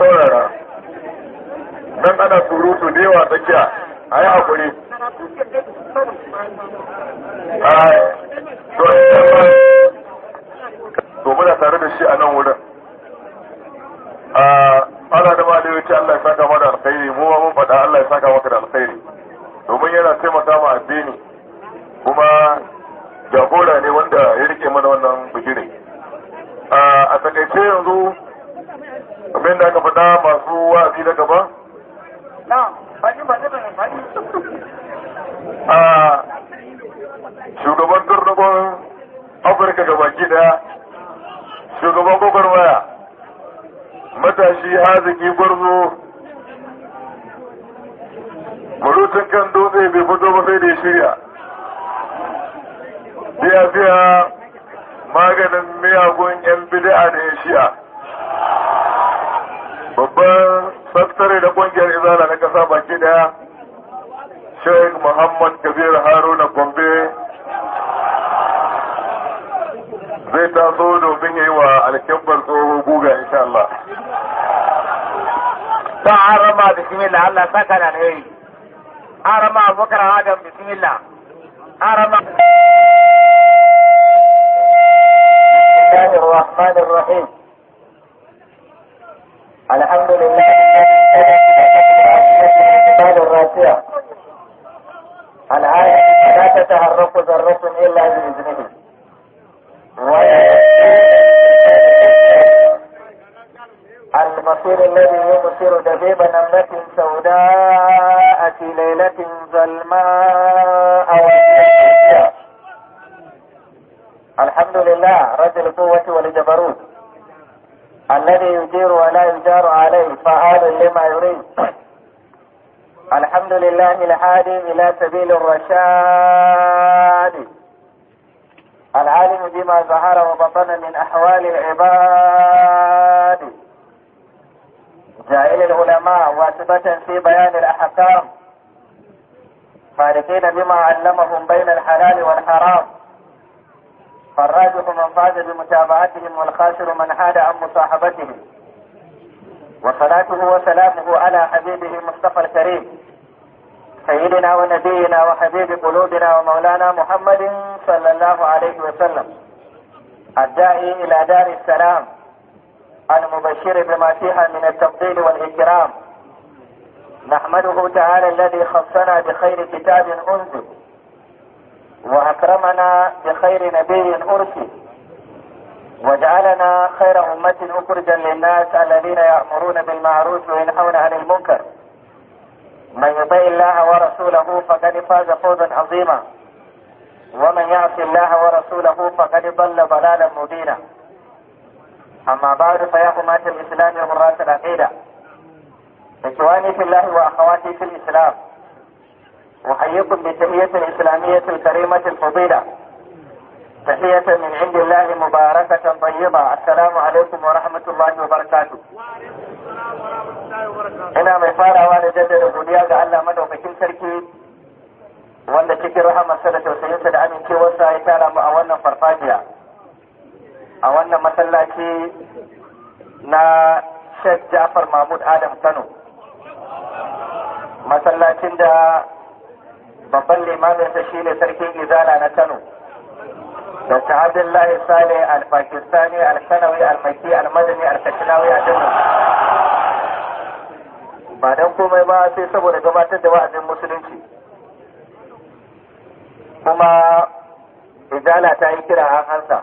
saurara nan ana surutu ne yawa tsakiya a yi hakuri eh, to muna tare da shi a nan wurin A ana da malai wuce Allah ya saka mana alkhairi mu ma mun faɗa Allah ya saka maka da alkhairi domin yana taimaka ma addini kuma jagora ne wanda ya rike mana wannan bigire a takaice yanzu abin da aka faɗa masu wa'azi na gaba? a shugaban turnukon afirka ga baki daya shugaban waya. matashi haziki gwarzo marutun kan dutse bai fito ba sai da ya shirya biya biya maganin miyagun yan bid'a da ya shi'a babban sakatare da kungiyar izala na kasa baki daya sheikh muhammad kabir haruna gombe zai taso domin yi wa alkebbar tsoho guga insha Allah. Ba an rama bismillah Allah saka da alheri. An rama abokar adam bismillah. An rama. Bismillahirrahmanirrahim. الحمد لله الراسية الآية لا تتحرك ذرة إلا بإذنه المصير الذي يمصير دبيب نملة سوداء في ليلة ظلماء الحمد لله رجل القوة والجبروت الذي يجير ولا يجار عليه فعال لما يريد الحمد لله الهادي إلى سبيل الرشاد العالم بما ظهر وبطن من أحوال العباد جاهل العلماء واسبة في بيان الأحكام فارقين بما علمهم بين الحلال والحرام فالراجح من فاز بمتابعتهم والخاسر من حاد عن مصاحبتهم وصلاته وسلامه على حبيبه المصطفى الكريم سيدنا ونبينا وحبيب قلوبنا ومولانا محمد صلى الله عليه وسلم الداعي الى دار السلام المبشر بما فيها من التفضيل والاكرام نحمده تعالى الذي خصنا بخير كتاب انزل وأكرمنا بخير نبي أرسل وجعلنا خير أمة أخرجا للناس الذين يأمرون بالمعروف وينهون عن المنكر من يطع الله ورسوله فقد فاز فوزا عظيما ومن يعص الله ورسوله فقد ضل ضلالا مبينا أما بعد فيا أمة الإسلام ومرات العقيدة إخواني في الله وأخواتي في الإسلام أحييكم بتحية الإسلامية الكريمة الفضيلة تحية من عند الله مباركة طيبة السلام عليكم ورحمة الله وبركاته ina mai farawa da jaddada godiya ga Allah madaukakin sarki wanda cikin rahamarsa da tausayinsa da amincewarsa ya tara mu a wannan farfajiya a wannan masallaci na Sheikh Jafar Mahmud Adam Kano masallacin da babban da shi ne sarkin izala na kano da sahabin lahi sale al-pakistani al-kanawi al-maki al-madani al-kashinawi a dukkan ba don komai ba sai saboda gabatar da wa'azin musulunci kuma izala ta yi kira an hansa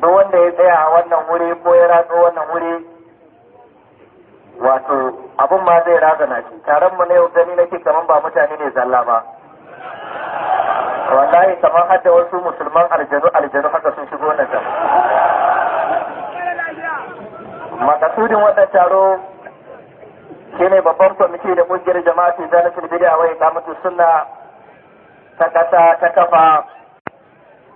duk wanda ya tsaya a wannan wuri ko ya ratso wannan wuri wato abun ma zai razana shi taron mu na yau gani nake kamar ba mutane ne zalla ba wallahi kamar hadda wasu musulman aljanu aljanu haka sun shigo na can makasudin wannan taro shine babban kwamiti da kungiyar jama'a ta zalatul bid'a wa iqamatu sunna ta kasa ta kafa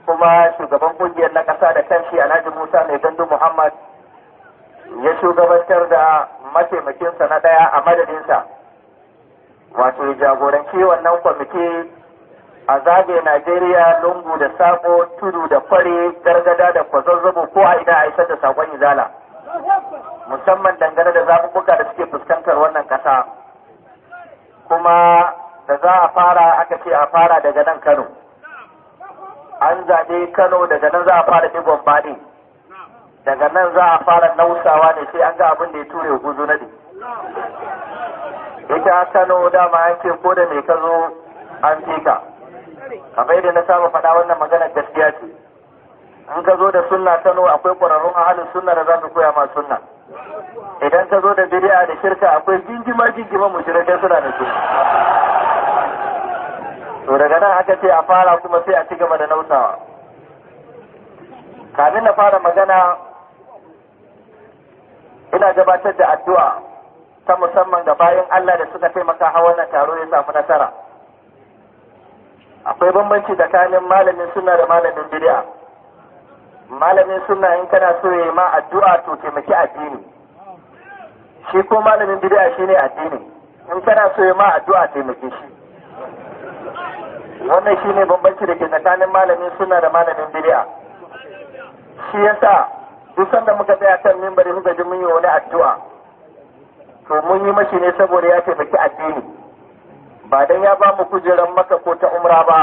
kuma shugaban kungiyar na kasa da kanshi Alhaji Musa Mai Gandu Muhammad ya shugabantar da mataimakinsa na ɗaya a madadinsa wato ya jagoranci wannan kwamiti a zagaye Najeriya lungu da sabo tudu da kware gargada da kwazazzabo ko a ina aisar da sakon izala musamman dangane da zaɓuɓɓuka da suke fuskantar wannan ƙasa kuma da za a fara aka ce a fara daga nan Kano an zaɓe Kano daga nan za a fara ɗigon baɗi daga nan za a fara nausawa ne sai an ga abin da ya ture guzu na ita kano dama an ko da mai ka zo an fi ka kamar yadda na saba faɗa wannan maganar gaskiya ce in ka zo da sunna kano akwai ƙwararrun halin sunna da za su koya ma sunna idan ka zo da bid'a da shirka akwai mu jingima mushrikai suna da su to daga nan aka ce a fara kuma sai a ci gaba da nausawa kamin na fara magana ina gabatar da addu'a ta musamman ga bayan Allah da suka taimaka hawan wannan taro ya samu nasara akwai bambanci tsakanin malamin sunna da malamin bid'a malamin sunna in kana so yayi ma addu'a to taimaki addini shi ko malamin bid'a shine addini in kana so yayi ma addu'a taimaki shi wannan shine bambanci da ke tsakanin malamin sunna da malamin bid'a shi yasa duk sanda muka tsaya kan mimbari muka ji mun yi wani addu'a to mun yi mashi ne saboda ya taimaki addini ba dan ya ba mu kujeran maka ko ta umra ba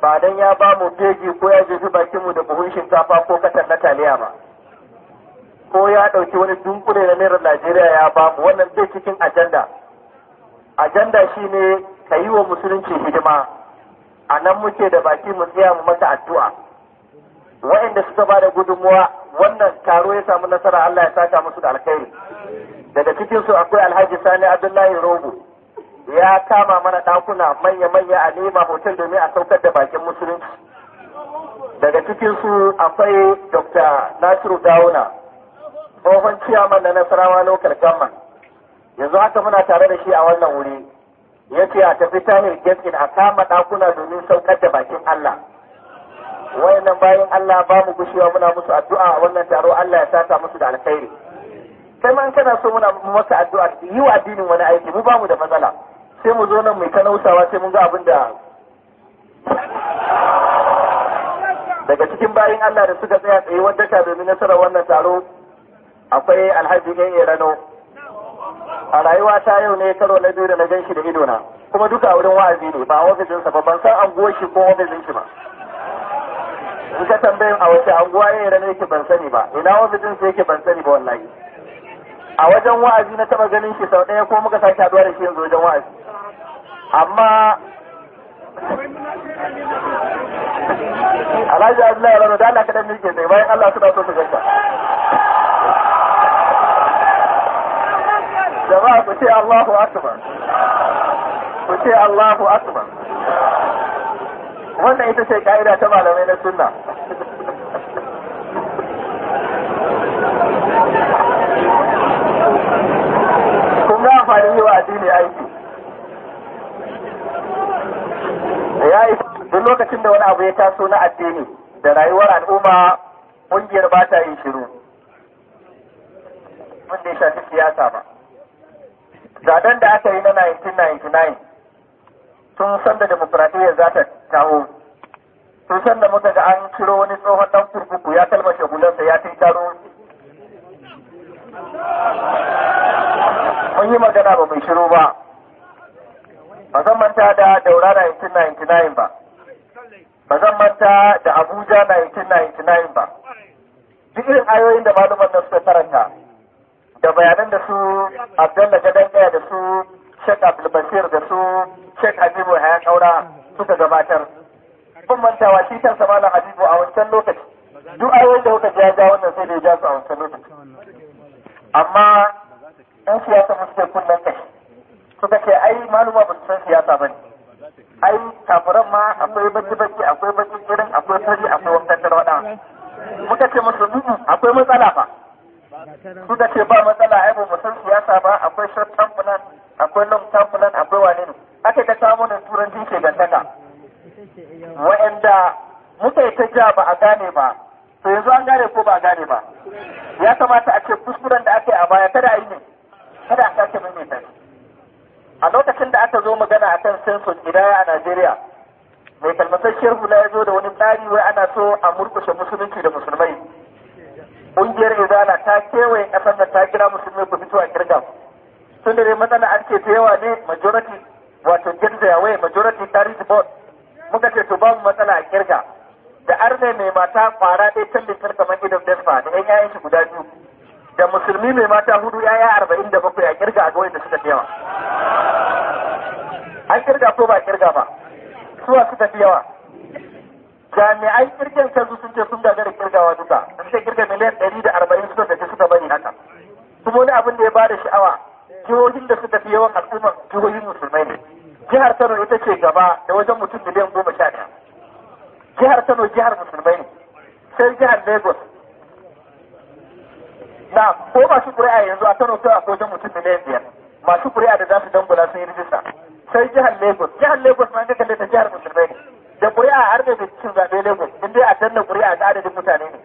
ba dan ya ba mu geji ko ya jefi bakin mu da buhun shinkafa ko katan na taliya ba ko ya ɗauki wani dunkule na naira Najeriya ya ba mu wannan zai cikin ajanda ajanda shine ka yi wa musulunci hidima a nan muke da baki mu tsaya mu masa addu'a Wa'inda suka ba da gudunmuwa wannan taro ya samu nasara Allah ya saka musu da alkhairi daga cikin su akwai Alhaji Sani Abdullahi Rogo ya kama mana ɗakuna manya-manya a nema hotel domin a saukar da bakin musulunci daga cikin su akwai Dr. Nasiru Dauna tsohon ciyaman na Nasarawa Local Gamma yanzu haka muna tare da shi a wannan wuri ya ce a tafi tahir gate a kama ɗakuna domin saukar da bakin Allah wayannan bayan Allah ba mu gushewa muna musu addu'a wannan taro Allah ya saka musu da alkhairi Sai ma kana so muna maka addu'a yi wa addinin wani aiki mu ba mu da matsala sai mu zo nan mai kanausawa sai mun ga abin da daga cikin bayan Allah da suka tsaya tsaye wanda ta domin nasarar wannan taro akwai alhaji ya rano. a rayuwa ta yau ne karo na biyu da na gan shi da idona kuma duka a wurin wa'azi ne ba ofisinsa ba ban san an goshi ko ofisin shi ba in ka tambayin a wace anguwa ya rana yake ban sani ba ina jin sa yake ban sani ba wallahi a wajen wa'azi na taba ganin shi sau ɗaya ko muka sake haɗuwa da shi yanzu wajen wa'azi amma Alhaji Abdullahi Rano da Allah kaɗan mirke sai bayan Allah suna so su gaisa. Jama'a ku ce Allahu Akbar. Ku ce Allahu Akbar. Wannan ita ce ka'ida ta malamai na sunna. kun ga amfani yi wa addini aiki ya yi duk lokacin da wani abu ya taso na addini da rayuwar al'umma ƙungiyar ba ta yin shiru wanda ya shafi siyasa ba zaben da aka yi na 1999 tun san da demokuraɗiyya za ta taho tun san da muka ga an ciro wani tsohon ɗan kurkuku ya kalmashe hulansa ya fi garo mun yi magana ba mai shiru ba ba zan manta da daura 1999 ba ba zan manta da abuja 1999 ba duk irin ayoyin da malaman nan suka karanta da bayanan da su gadon daya da su Sheik abdulbashir da su Sheik habibu hayan kaura suka gabatar ban mantawa shi kansa malam habibu a wancan lokaci duk ayoyin da kuka ja ja wannan sai da ya ja su a wancan lokaci amma ɗan siyasa mu suke kunnen kai suka ce ai maluma ba su san siyasa ba ne ai kafiran ma akwai baki baki akwai baki kirin akwai fari akwai wankan tarwada muka ce musu akwai matsala Su suka ce ba matsala ai ba mu san siyasa ba akwai shan term akwai long term akwai wane ne aka ta samun da turan ke gantaka wa'anda muka yi ta ja ba a gane ba to yanzu an gane ko ba a gane ba ya kamata a ce kuskuren akan census ya a Najeriya mai kalmatacciyar hula ya zo da wani tsari wai ana so a murkushe musulunci da musulmai ƙungiyar izala ta kewaye ƙasar da ta kira musulmai ku fito a kirga tun da dai matsala an ce ta yawa ne majority wato jirgin wai majority tarihi board muka ce to babu matsala a kirga da arne mai mata kwara ɗaya can kamar idan desfa da 'yan yayan shi guda biyu da musulmi mai mata hudu yi arba'in da bakwai a kirga a gawai da suka fi yawa an kirga ko ba kirga ba suwa suka fi yawa jami'ai kirgin kanzu sun ce sun gagara kirgawa duka sun ce kirga miliyan ɗari da arba'in suka da suka bari haka kuma wani abin da ya bada sha'awa jihohin da suka fi yawan al'ummar jihohin musulmai ne jihar kano ita ce gaba da wajen mutum miliyan goma sha ɗaya jihar kano jihar musulmai ne sai jihar lagos na ko masu ƙuri'a yanzu a Kano ta ko wajen mutum miliyan biyar masu ƙuri'a da za su dangula sun yi rijista sai jihar Lagos jihar Lagos ma ga kalle ta jihar musulmai ne da ƙuri'a har da bai cin zaɓe Lagos in dai a danna ƙuri'a da adadin mutane ne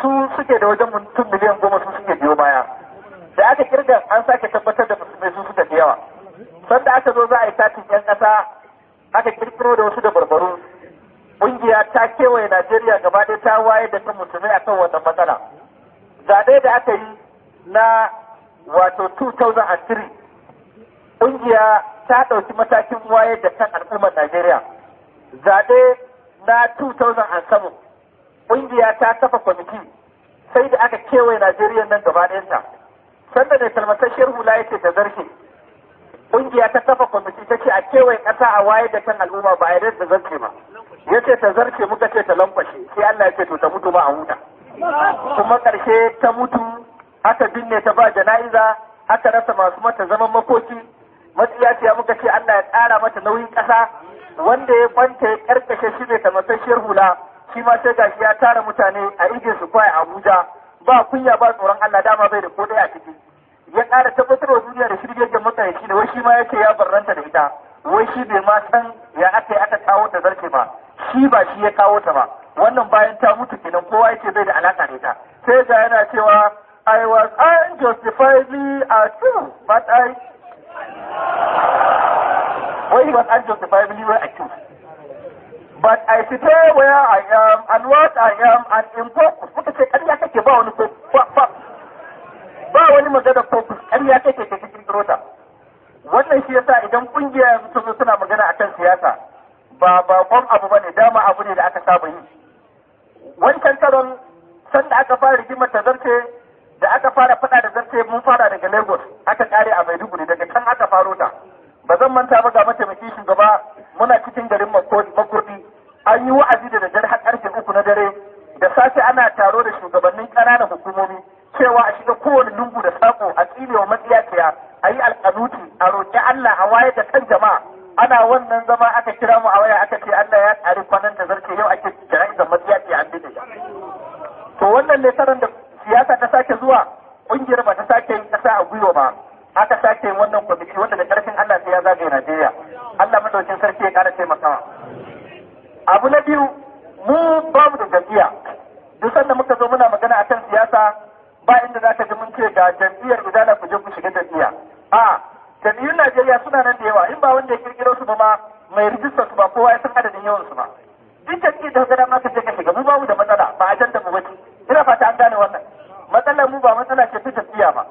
su suke da wajen mutum miliyan goma su suke biyo baya da aka kirga an sake tabbatar da musulmai su suka fi yawa sanda aka zo za a yi tatin yan ƙasa aka kirkiro da wasu da barbaru ƙungiya ta kewaye Najeriya gaba ɗaya ta waye da kan mutumai akan wannan matsala zaɓe da aka yi na wato 2003 ƙungiya ta ɗauki matakin wayar da kan al'ummar Najeriya. Zaɓe na 2007 ƙungiya ta kafa kwamiti sai da aka kewaye Najeriya nan gaba ɗayanta. Sanda mai kalmasasshiyar hula ce ta zarfe. Ƙungiya ta kafa kwamiti ta ce a kewaye ƙasa a wayar da kan al'umma ba a yarda da zarce ba. Ya ce ta zarce muka ce ta lankwashe sai Allah ya ce to ta mutu ba a huta. kuma karshe ta mutu aka binne ta ba jana'iza aka rasa masu mata zaman makoki matsiyaciya muka ce Allah ya ƙara mata nauyin kasa wanda ya kwanta ya ƙarƙashe shi ne tamasasshiyar hula shi ma sai gashi ya tara mutane a ije su kwaya Abuja ba kunya ba tsoron Allah dama bai da ko ɗaya a ciki ya ƙara tabbatar wa duniya da shirgegen shi da wai shi ma ya ce ya barranta da ita wai shi bai ma san ya aka yi aka kawo ta zarce ba shi ba shi ya kawo ta ba wannan bayan ta mutu kenan kowa yake bai da alaka da ita sai ga yana cewa I was unjustifiably accused but I why he was unjustifiably accused but I stay where I am and what I am and in focus muka ce ƙarya kake ba wani ba wani magana focus ƙarya kake ke cikin rota. wannan shi yasa idan kungiya yanzu suna magana akan siyasa ba bakon abu bane dama abu ne da aka saba yi wancan karon san da aka fara rigimar ta zarce da aka fara faɗa da zarce mun fara daga lagos aka kare a maiduguri daga can aka faro ta ba zan manta ba ga mataimakin shugaba muna cikin garin makurdi an yi wa'azi da dare har karfe uku na dare da safe ana taro da shugabannin ƙananan hukumomi cewa a shiga kowane lungu da sako a tsinewa wa matsiyaciya a yi alƙanuti a roƙi Allah a waye da kan jama'a ana wannan zama aka kira mu a waya aka ce Allah ya tsari kwanan da zarce yau ake jana'izar to wannan ne sanar da siyasa ta sake zuwa kungiyar ba ta sake yin kasa a gwiwa ba aka sake yin wannan kwamiti wanda da karfin Allah sai ya zagaye Najeriya Allah madaukin sarki ya kara taimakawa abu na biyu mu babu da jam'iyya duk sanda muka zo muna magana akan siyasa ba inda za ka ji mun ce ga jam'iyyar idana ku je ku shiga jam'iyya a jam'iyyun Najeriya suna nan da yawa in ba wanda ya kirkiro su ba ma mai rijistar su ba kowa ya san adadin yawan su ba duk jam'iyyar da ka ga dama ka je ka shiga mu mu da matsala ba ajanda mu bace ina fata an gane wannan matsalar mu ba matsala ce ta siya ba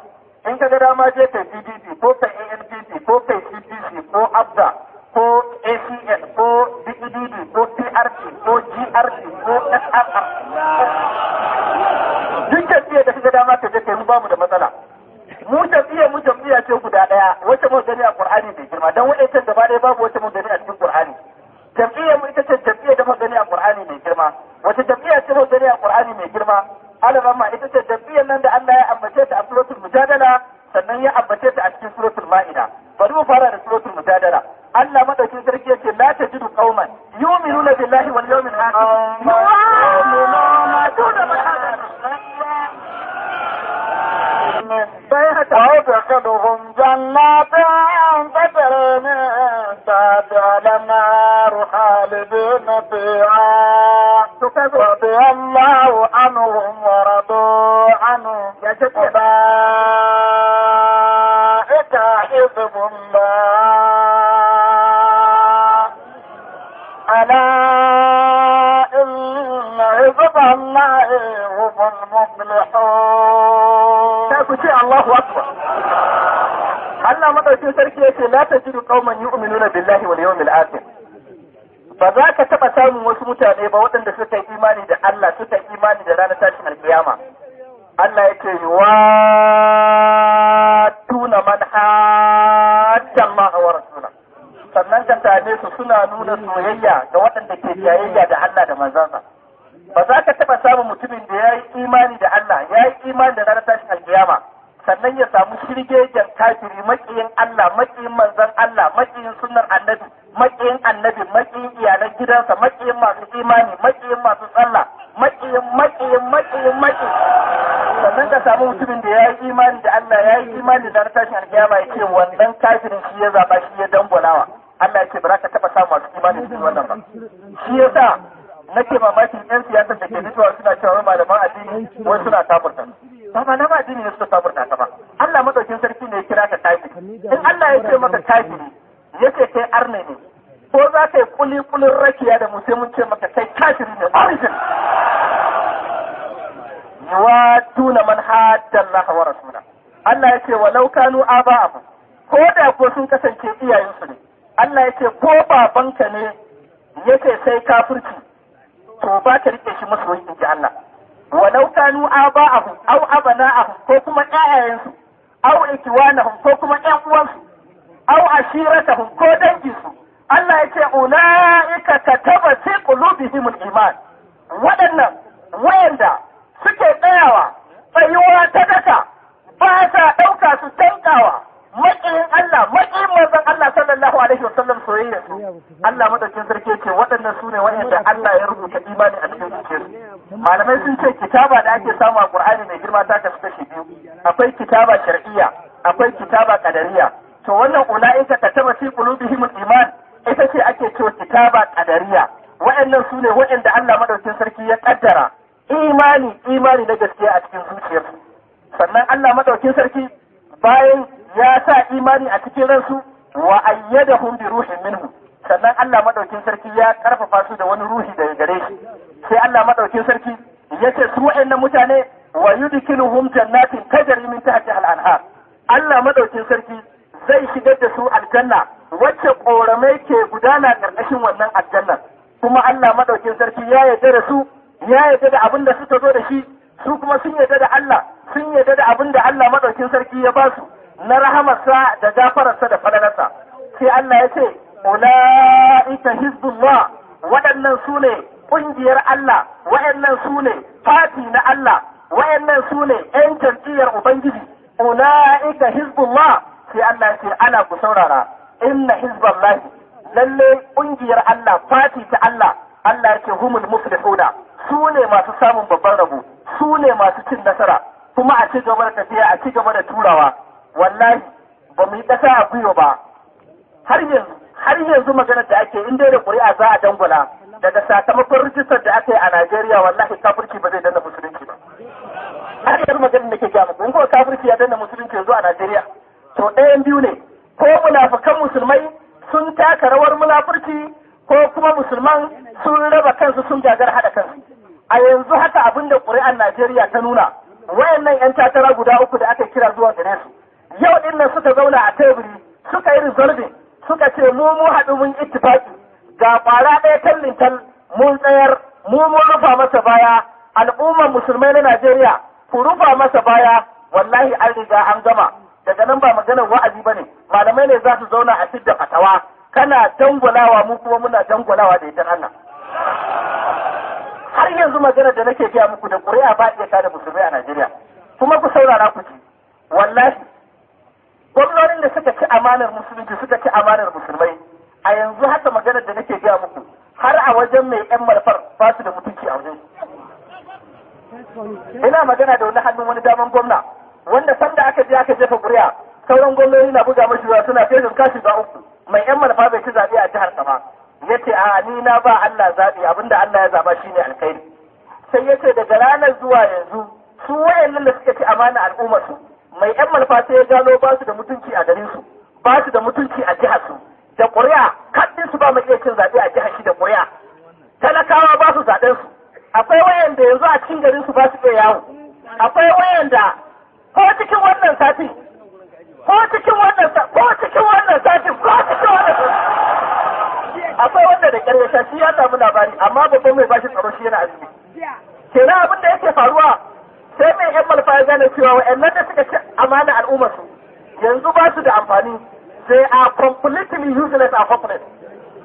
in ka ga dama je kai PDP ko kai ANPP ko kai CPC ko ABDA ko ACN ko DEDD ko prc ko GRP ko SRR duk tafiya da kaga dama ka je kai mu ba mu da matsala mu tafiya mu tafiya ce guda daya wacce mu gani a Qur'ani bai girma dan wa'ancan gaba daya babu wacce mu gani a cikin Qur'ani tafiyar mu ita ce tafiyar da magani a Qur'ani mai girma wace tafiya ce magani a Qur'ani mai girma alarama ita ce tafiyar nan da Allah ya ambace ta a suratul mujadala sannan ya ambace ta a cikin suratul ma'ida bari mu fara da suratul mujadala Allah madaukin sarki yace la tajidu qauman yu'minuna billahi wal yawmil akhir وادخلهم جنات تجري من تحتها الانهار خالدين فيها رضي الله عنهم ورضوا عنه أولئك حزب الله ألا إن حزب الله هم المفلحون الله أكبر Allah madaukin sarki yake la tajidu qauman yu'minuna billahi wal yawmil ba za ka taɓa samun wasu mutane ba waɗanda suka yi imani da Allah suka yi imani da ranar tashin alƙiyama. Allah ya ce wa tuna man hatan ma hawa suna. sannan ka same su suna nuna soyayya ga waɗanda ke jayayya da Allah da manzansa ba za ka taɓa samun mutumin da ya yi imani da Allah ya yi imani da ranar tashin alƙiyama. sannan ya samu shirgejen kafiri makiyin Allah makiyin manzon Allah makiyin sunnar annabi makiyin annabi makiyin iyalan gidansa makiyin masu imani makiyin masu sallah makiyin makiyin makiyin maƙi sannan ka samu mutumin da ya yi imani da Allah ya yi imani da tashin alkiyama ya ce wannan kafirin shi ya zaba shi ya dambulawa Allah ya ce ba za ka taɓa samu masu imani da wannan ba shi yasa nake mamakin 'yan siyasar da ke fitowa suna cewa malaman addini wai suna kafirta ba malaman addini ne suka kafurta ya ce mata kafiri ya ce kai arne ne ko za ka yi kuli kulin rakiya da mu sai mun ce maka kai kafiri ne origin tuna man hadda Allah wa rasula Allah ya ce walau kanu aba'ahu ko da ko sun kasance iyayensu ne Allah ya ce ko babanka ne yake sai kafirci to ba ka rike shi musu wani inji Allah walau kanu aba'ahu aw abana'ahu ko kuma ƴaƴayensu aw ikwanahum ko kuma ƴan uwansu aw ashiratahum ko su. Allah ya ce ulaika kataba fi qulubihim iman waɗannan wayanda suke tsayawa tsayuwa ta daka ba sa ɗauka su tankawa maƙiyin Allah maƙiyin manzon Allah sallallahu alaihi wasallam soyayya su Allah madaukin sarki ce waɗannan su ne waɗanda Allah ya rubuta imani a cikin su. malamai sun ce kitaba da ake samu a Qur'ani mai girma ta kasu kashi biyu akwai kitaba shar'iyya akwai kitaba qadariyya to wannan ula'ika taba fi qulubihim iman ita ce ake cewa kitaba qadariya wa'annan sune wa'anda Allah madaukin sarki ya kaddara imani imani na gaskiya a cikin zuciyarsu sannan Allah madaukakin sarki bayan ya sa imani a cikin ransu wa ayyadahum bi ruhin minhu sannan Allah madaukakin sarki ya karfafa su da wani ruhi daga gare shi sai Allah madaukakin sarki ya ce su wa'annan mutane wa yudkinuhum jannatin tajri min tahtiha al-anhar Allah maɗaukin sarki zai shigar da su aljanna wacce ƙoramai ke gudana ƙarƙashin wannan aljannar kuma Allah madaukin sarki ya yarda da su ya yarda da abin da suka zo da shi su kuma sun yarda da Allah sun yarda da abin da Allah madaukin sarki ya ba su na rahamarsa da gafararsa da falalarsa sai Allah ya ce ulaika hizbullah waɗannan su ne ƙungiyar Allah waɗannan su ne fati na Allah waɗannan su ne 'yan jam'iyyar Ubangiji ulaika hizbullah sai Allah ya ce ana ku saurara inna hizballahi lalle kungiyar Allah fati ta Allah Allah ya ce humul muflihuna su ne masu samun babban rabo su ne masu cin nasara kuma a ci gaba da tafiya a ci gaba da turawa wallahi ba mu yi ƙasa a gwiwa ba har yanzu har yanzu maganar da ake in dai da ƙuri'a za a dangula daga sakamakon rijistar da aka yi a Najeriya wallahi kafirki ba zai danna musulunci ba har yanzu maganar da ke gama kuma kafirki ya danna musulunci yanzu a Najeriya to ɗayan biyu ne ko munafukan musulmai sun taka rawar munafurci ko kuma musulman sun raba kansu sun gagar haɗa kansu a yanzu haka abin da ƙuri'an Najeriya ta nuna wayannan 'yan takara guda uku da aka kira zuwa gare su yau ɗin nan suka zauna a teburi suka yi resolving suka ce mu mu haɗu mun ittifaki ga ƙwara ɗaya tallin mun tsayar mu mu rufa masa baya al'ummar musulmai na Najeriya ku rufa masa baya wallahi an riga an gama daga nan ba maganar wa'azi ba ne malamai ne za su zauna a fidda fatawa kana dangwalawa mu kuma muna dangwalawa da ita Allah har yanzu maganar da nake gaya muku da ƙuri'a ba iya da musulmi a Najeriya kuma ku saurara ku ji wallahi gwamnonin da suka ci amanar musulunci suka ci amanar musulmai a yanzu haka maganar da nake gaya muku har a wajen mai yan malfar ba su da mutunci a wajen ina magana da wani hannun wani daman gwamna wanda sanda aka je aka jefa ƙuri'a sauran gwamnoni na buga mashi zuwa suna kai kashi ba uku mai yan manufa bai ci zaɓe a jihar sama ya ce a ni na ba Allah zaɓe abinda Allah ya zaɓa shine alkhairi sai ya ce daga ranar zuwa yanzu su nan da suka ci amana al'ummar su mai yan manufa sai ya gano ba su da mutunci a garin su ba su da mutunci a jihar su da ƙuri'a kaɗin su ba mai iya cin zaɓe a jihar shi da ƙuri'a talakawa ba su zaɓen su akwai wayanda yanzu a cikin garin su ba su iya yawo akwai wayanda ko cikin wannan sati ko cikin wannan sati, ko cikin wannan sati ko cikin wannan akwai wanda da ƙaryata shi ya samu labari amma babban mai bashi tsaro shi yana azumi kenan abin da yake faruwa sai mai yan malfa ya gane cewa wa'annan da suka ci amana al'ummar su yanzu ba su da amfani sai a completely useless a hopeless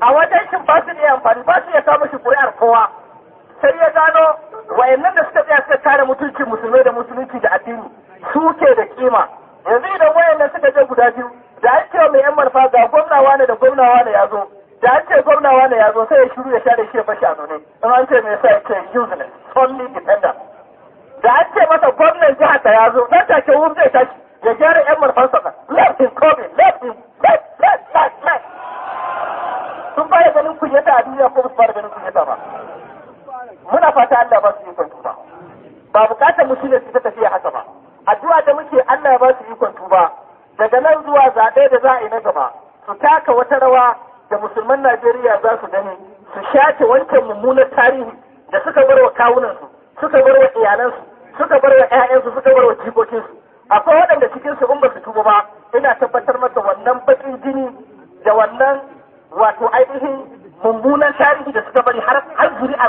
a wajen shi ba su iya amfani ba su iya samun shi ƙuri'ar kowa sai ya gano wa'annan da suka tsaya suka tare mutunci musulmai da musulunci da addini su ke da kima yanzu idan wayannan suka je guda biyu da an ce mai yan marfa ga gwamnawa ne da gwamnawa ne ya zo da an ce gwamnawa ne ya zo sai ya shiru ya share shi ya fashe a ne in an ce mai sa ya ce useless only dependent da an ce masa gwamnan jihar ta ya zo nan take wurin zai tashi ya gyara yan marfansa ka left is coming left is left left left left sun fara ganin kunyata a duniya ko su fara ganin kunyata ba muna fata Allah ba su yi kwantu ba ba bukatar mu shine su ta tafiya haka ba addu'a da muke Allah ya ba su ikon tuba daga nan zuwa zaɓe da za a yi na gaba su taka wata rawa da musulman Najeriya za su gani su shace wancan mummunar tarihi da suka bar wa kawunansu suka bar wa iyalansu suka bar wa ƴaƴansu suka bar wa jikokinsu akwai waɗanda cikin su in ba su tuba ba ina tabbatar masa wannan baƙin jini da wannan wato ainihin mummunan tarihi da suka bari har har zuri'a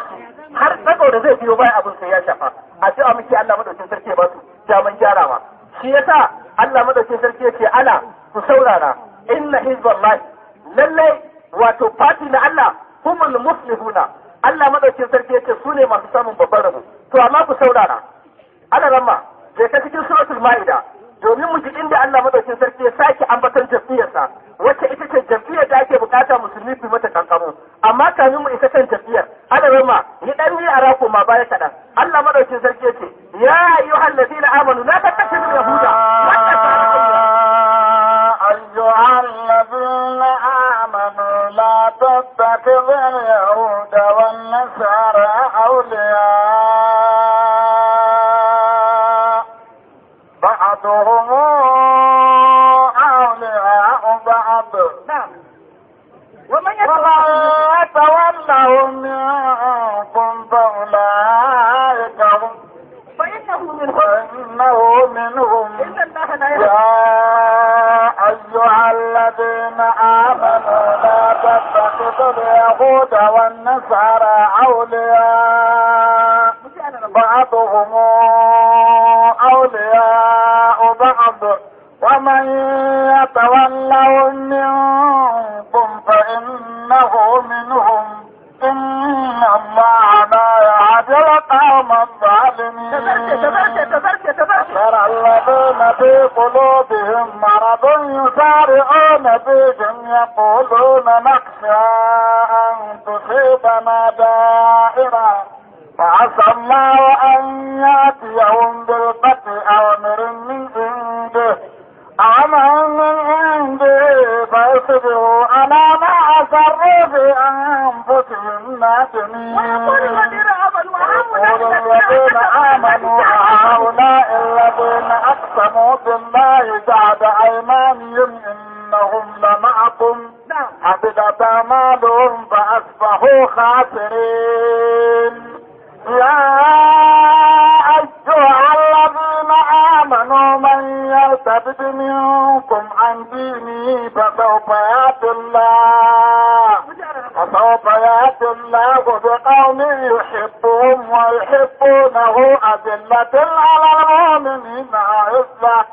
har saboda zai biyo baya abin sai ya shafa a ce a miki Allah madaukin sarki ba su daman gyarawa shi yasa Allah madaukin sarki ya ce ala ku saurara inna hizballahi lallai wato fati na Allah humul muslihuna Allah madaukin sarki ya ce su ne masu samun babban rabo to amma ku saurara ana ramma je ka cikin suratul ma'ida domin mu ji inda Allah madaukin sarki ya sake ambatar jam'iyyarsa wacce ita ce jam'iyyar da ake bukata musulmi su mata kankamo amma kamin mu isa kan jam'iyyar adaba ma yi dan yi arako ma baya kadan Allah madaukin sarki ya ce ya ayyuhal ladina amanu la tattakhidhu yahuda ayyuhal ladina amanu la tattakhidhu yahuda اليهود والنصارى اولياء بعضهم اولياء بعض ومن يتولهم منكم فانه منهم ان الله لا يعد القوم الظالمين ترى الذين في قلوبهم مرض يسارعون فيهم يقولون نخشى بائرا فعصى الله الخاسرين يا أيها الذين آمنوا من يرتد منكم عن ديني فسوف يأتي الله فسوف يأتي الله بقوم يحبهم ويحبونه أذلة على المؤمنين أعزة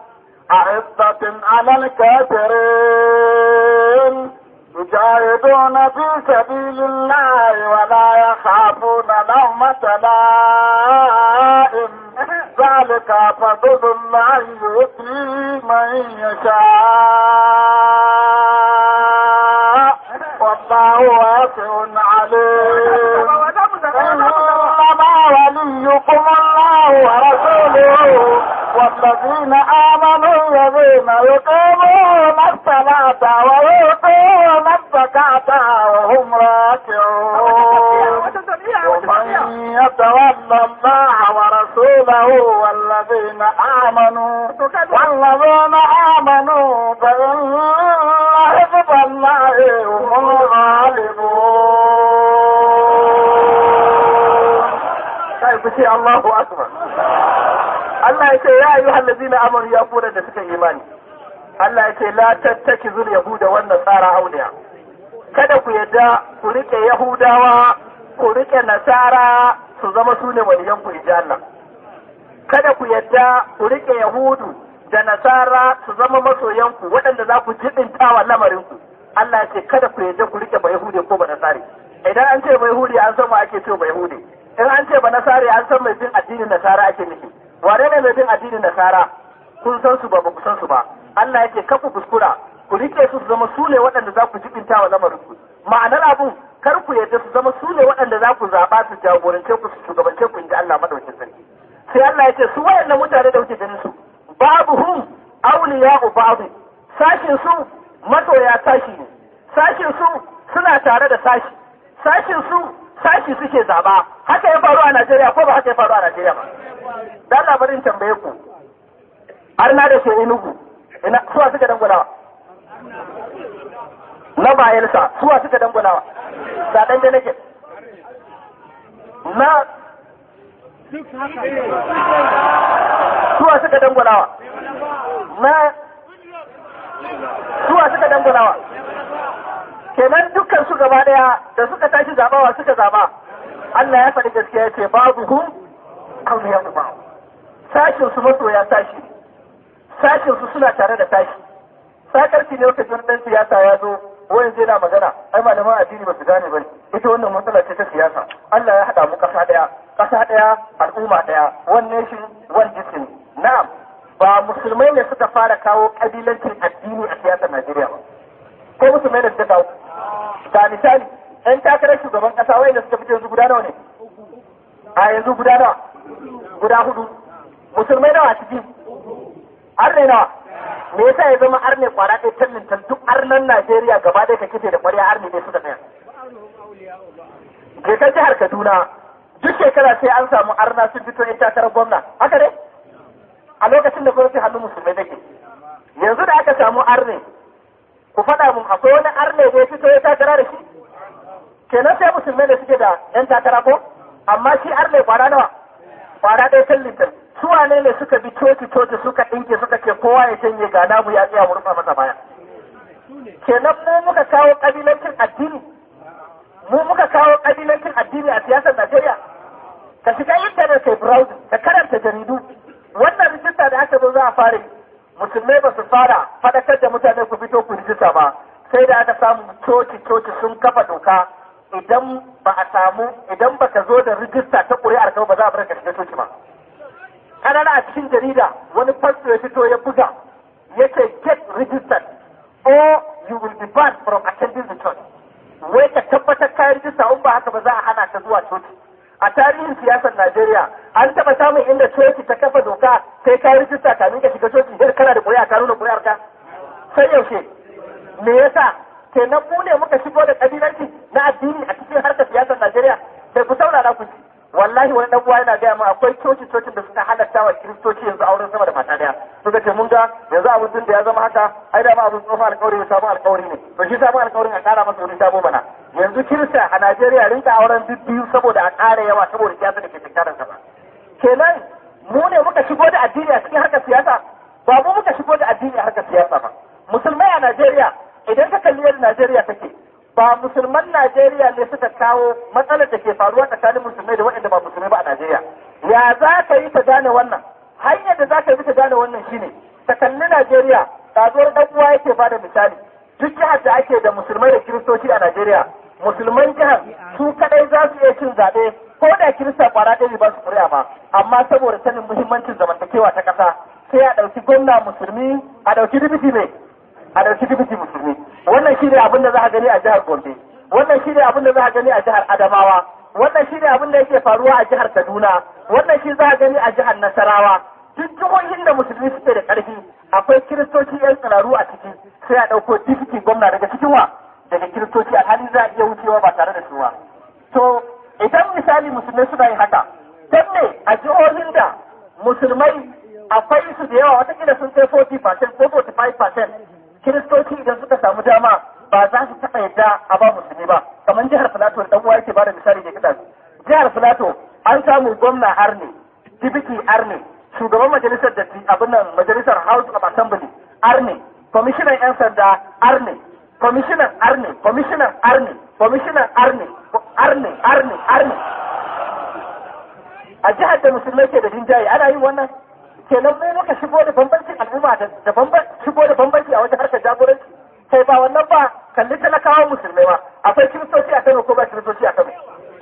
أعزة على الكافرين يجاهدون في سبيل الله ولا يخافون لومة لائم ذلك فضل الله يؤتي من يشاء والله واسع عليم إنما وليكم الله ورسوله الذين آمنوا الذين يقيمون الصلاة ويؤتون الزكاة وهم راكعون ومن يتولى الله ورسوله والذين آمنوا والذين آمنوا فإن حزب الله هم الغالبون طيب، الله أكبر Allah ya ce ya hallazi na amanu ya kuna da suka imani Allah ya ce la tattaki zul yahuda wannan tsara auniya. kada ku yadda ku rike yahudawa ku rike nasara su zama su ne waliyan ku inji kada ku yadda ku rike yahudu da nasara su zama masoyanku waɗanda za ku tawa lamarinku Allah ya ce kada ku yadda ku rike ba yahudi ko ba nasari idan an ce ba yahudi an san ma ake ce ba yahudi in an ce ba nasari an san mai bin addinin nasara ake nufi wane ne mai bin addinin nasara kun san su ba ba ku san su ba Allah yake kafu kuskura ku rike su su zama su ne waɗanda za ku jibinta wa lamarin ku ma'anar abun kar ku yadda su zama su ne waɗanda za ku zaɓa su jagorance ku su shugabance ku inda Allah madaukakin sarki sai Allah yake su wayannan mutane da kuke ganin su babu hum u babu sashin su matoya sashi ne sashin su suna tare da sashi sashin su sashi suke zaba haka ya faru a Najeriya ko ba haka ya faru a Najeriya ba dan labarin tambaye ku na da ke inugu ina suwa suka dangulawa na bayansa suwa suka dangulawa dan da nake na suwa suka dangulawa na suwa suka dangulawa kenan dukkan su gaba daya da suka tashi zabawa suka zaba Allah ya faɗi gaskiya ya ce babu hu abu ya ba sashin su ya tashi. sashin su suna tare da tashi. sakarci ne wata jirgin siyasa ya zo wayan zai na magana ai malaman addini ba su gane ba ita wannan matsala ce ta siyasa Allah ya haɗa mu ƙasa ɗaya ƙasa ɗaya al'umma ɗaya one nation one destiny na'am ba musulmai ne suka fara kawo ƙabilancin addini a siyasar Najeriya ba ko musulmai ne suka kawo ba misali ɗan takarar shugaban ƙasa wai da suka fito yanzu guda nawa ne a yanzu guda nawa guda hudu musulmai nawa cikin arne nawa me yasa ya zama arne kwara ɗaya tallintan duk arnan najeriya gaba ɗaya ka kife da kwarya arne ne suka tsaya je ka jihar kaduna duk shekara sai an samu arna sun fito yan takarar gwamna haka ne a lokacin da gwamnati hannun musulmai take yanzu da aka samu arne ku faɗa mun akwai wani arne da ya fito ya takara da shi kenan sai musulmai da suke da yan takara ko amma shi arne kwana nawa kwana ɗaya kan lintar su wane ne suka bi coci coci suka ɗinke suka ce kowa ya janye ga namu ya tsaya murfa masa baya kenan mu muka kawo ƙabilancin addini mu muka kawo ƙabilancin addini a siyasar Najeriya ka shiga Internet kai browsing ka karanta jaridu wannan rijista da aka zo za a fara yi musulmai ba su fara faɗakar da mutane ku fito ku rijista ba sai da aka samu coci coci sun kafa doka idan ba a samu idan ba ka zo da rijista ta ƙuri'ar kawai ba za a bar ka shiga coci ba kanana a cikin jarida wani fasto ya fito ya buga yace get registered or you will be banned from attending the church wai ka tabbatar ka rijista in ba haka ba za a hana ka zuwa coci a tarihin siyasar Najeriya an taɓa samun inda coci ta kafa doka sai kayan rijista kamin ka shiga coci sai kana da ƙuri'a ka nuna ƙuri'ar ka sai yaushe me yasa kenan mu ne muka shigo da kabilanci na addini a cikin harkar siyasar Najeriya sai ku saurara ku wallahi wani dan uwa yana gaya mu akwai coci coci da suka halatta wa kiristoci yanzu auren sama da mata daya suka ce mun ga yanzu abin da ya zama haka ai da ma abin tsofa alƙawari ya samu alƙawari ne to shi samu alƙawarin a kara masa wani sabo bana yanzu kirista a Najeriya rinka auren duk biyu saboda a ƙara yawa saboda siyasa da ke tunkarar ba. Kenan mu ne muka shigo da addini a cikin harkar siyasa ba mu muka shigo da addini a harkar siyasa ba. Musulmai a Najeriya idan ka kalli yadda Najeriya take ba musulman Najeriya ne suka kawo matsalar da ke faruwa tsakanin musulmai da waɗanda ba musulmai ba a Najeriya. Ya za ka yi ta gane wannan? Hanyar da za ka yi ta gane wannan shine ta kalli Najeriya, ɗazuwar ɗan uwa yake ba da misali. Duk jihar da ake da musulmai da kiristoci a Najeriya musulman jihar su kadai za su iya cin zaɓe ko da kirista kwara ɗari ba su kuri'a ba amma saboda sanin muhimmancin zamantakewa ta ƙasa sai a ɗauki gwamna musulmi a ɗauki dubiti ne a ɗauki dubiti musulmi wannan shi ne abin da za a gani a jihar gombe wannan shi ne abin da za a gani a jihar adamawa wannan shi ne abin da yake faruwa a jihar kaduna wannan shi za a gani a jihar nasarawa duk jihohin da musulmi suke da ƙarfi akwai kiristoci 'yan tsiraru a ciki sai a ɗauko dubiti gwamna daga cikin wa daga kiristoci a halin za a iya wucewa ba tare da suwa. to idan misali musulmai suna yi haka don ne a jihohin da musulmai akwai su da yawa watakila sun kai 40% ko 45% kiristoci idan suka samu dama ba za su taɓa yadda a ba musulmi ba kamar jihar filato da uwa yake bada misali da kitan jihar filato an samu gwamna arne dibiki arne shugaban majalisar da abin nan majalisar house of assembly arne kwamishinan yan sanda arne Komishinan Arne, komishinan Arne, komishinan Arne, Arne, Arne, Arne. a jihar da musulmai ke da jinjaye ana yin wannan Ke nan mu muka shigo da bambanci al'umma da bambanci shigo da bambanci a wata harkar jagoranci kai ba wannan ba kalli talakawa musulmai ba akwai kiristoci a Kano ko ba kiristoci a Kano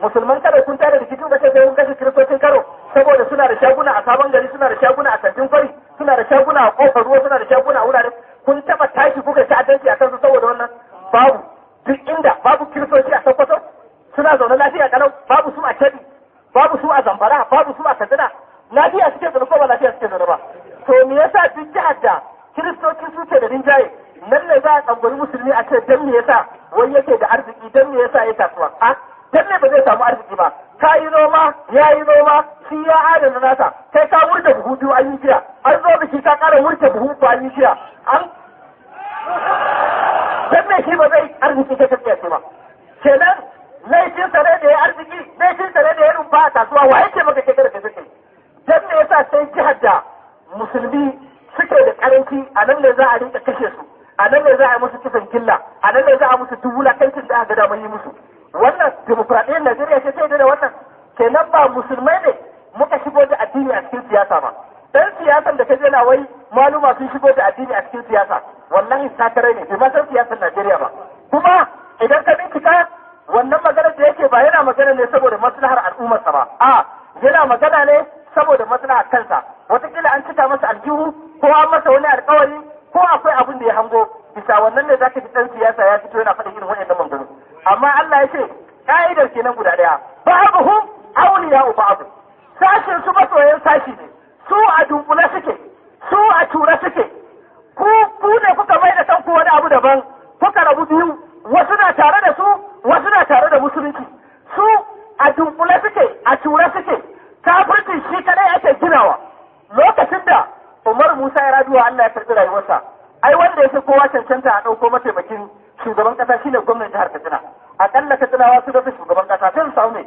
musulman kada kun tare da kitu ba sai kun kashe kiristocin Kano saboda suna da shaguna a sabon gari suna da shaguna a kantin kwari suna da shaguna a kofar ruwa suna da shaguna a wuraren kun taba tashi kuka ci adalci a kansu saboda wannan babu duk inda babu kiristoci a sokoto suna zaune lafiya kalau babu su a kebbi babu su a zamfara babu su a kaduna lafiya suke zaune ko ba lafiya suke zaune ba to me yasa duk jihar da kiristoci suke da rinjaye nan ne za a tsangwari musulmi a ce dan me yasa wai yake da arziki dan me yasa ya kasuwa a dan ba zai samu arziki ba ka yi noma ya yi noma shi ya adana nasa kai ka wurce buhu biyu an yi jiya an zo da shi ka kara wurce buhu biyu an yi jiya an dan shi ba zai arziki ta tafiya ce ba kenan laifin sa ne da ya arziki laifin sa ne da ya rumfa a kasuwa wa yake maka ke kada ka dan ne yasa sai jihar da musulmi suke da karanci a nan ne za a rinka kashe su a nan ne za a yi musu kisan killa a nan ne za a musu dubu lakancin da aka ga mun yi musu wannan demokradiyyar Najeriya ce sai da wannan kenan ba musulmai ne muka shigo da addini a cikin siyasa ba dan siyasan da ka na wai maluma sun shigo da addini a cikin siyasa wallahi sakarai ne bai ma san siyasar Najeriya ba kuma idan ka bincika wannan magana da yake ba yana magana ne saboda maslahar al'ummar sa ba a yana magana ne saboda maslahar kansa watakila an cika masa aljihu ko an masa wani alƙawari ko akwai abin da ya hango bisa wannan ne zaka ji dan siyasa ya fito yana faɗa irin waɗannan maganganu amma Allah ya ce ka'idar kenan guda daya ya awliya abu sashen su masoyan sashi ne su a dunkule suke su a tura suke ku ku ne kuka mai da kanku wani abu daban kuka rabu biyu wasu na tare da su wasu na tare da musulunci su a dunkule suke a tura suke kafirci shi kadai ake ginawa lokacin da Umar Musa ya raduwa Allah ya karbi rayuwarsa ai wanda ya yake kowa cancanta a ɗauko mataimakin shugaban kasa ne gwamnan jihar Katsina akalla wasu da gafi shugaban kasa sai mu samu ne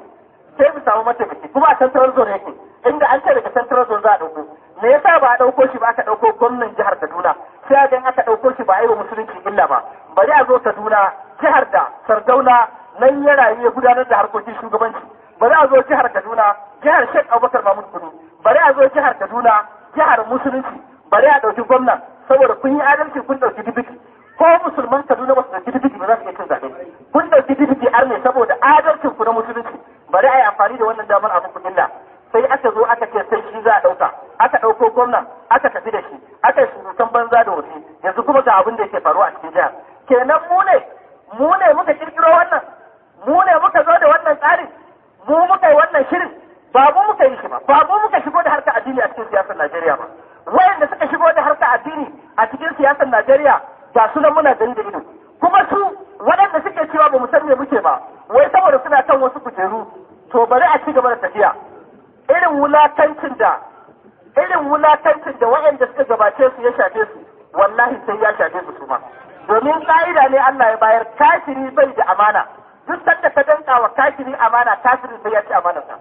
sai mu samu mataimaki kuma a central zone yake inda an ce daga central zone za a dauko me yasa ba a dauko shi ba aka dauko gwamnan jihar Kaduna sai a gan aka dauko shi ba a yi wa musulunci illa ba bari a zo Kaduna jihar da Sardauna nan ya rayu ya gudanar da harkokin shugabanci bari a zo jihar Kaduna jihar shek Abubakar Mahmud Kudu bari a zo jihar Kaduna jihar musulunci bari a ɗauki gwamna saboda kun yi adalci kun dauki dubiki ko musulman Kaduna ba su da dididigi ba za su iya cin zaɓe kun ɗauki dididigi ar ne saboda adalcin ku na musulunci bari a yi amfani da wannan damar a muku illa sai aka zo aka ce sai shi za a ɗauka aka ɗauko gwamnan aka tafi da shi aka yi surutan banza da wuri yanzu kuma ga abin da yake faruwa a cikin jihar kenan mu ne mu ne muka kirkiro wannan mu ne muka zo da wannan tsarin mu muka yi wannan shirin ba mu muka yi shi ba ba mu muka shigo da harkar addini a cikin siyasar Najeriya ba wayanda suka shigo da harkar addini a cikin siyasar Najeriya ga su nan muna gari da ido kuma su waɗanda suke cewa ba mu san me muke ba wai saboda suna kan wasu kujeru to bari a ci gaba da tafiya irin wulatancin da irin wulatancin da waɗanda suka gabace su ya shafe su wallahi sai ya shafe su kuma domin ƙa'ida ne Allah ya bayar kafiri bai da amana duk sanda ka danka wa kafiri amana kafiri sai ya ci amanarsa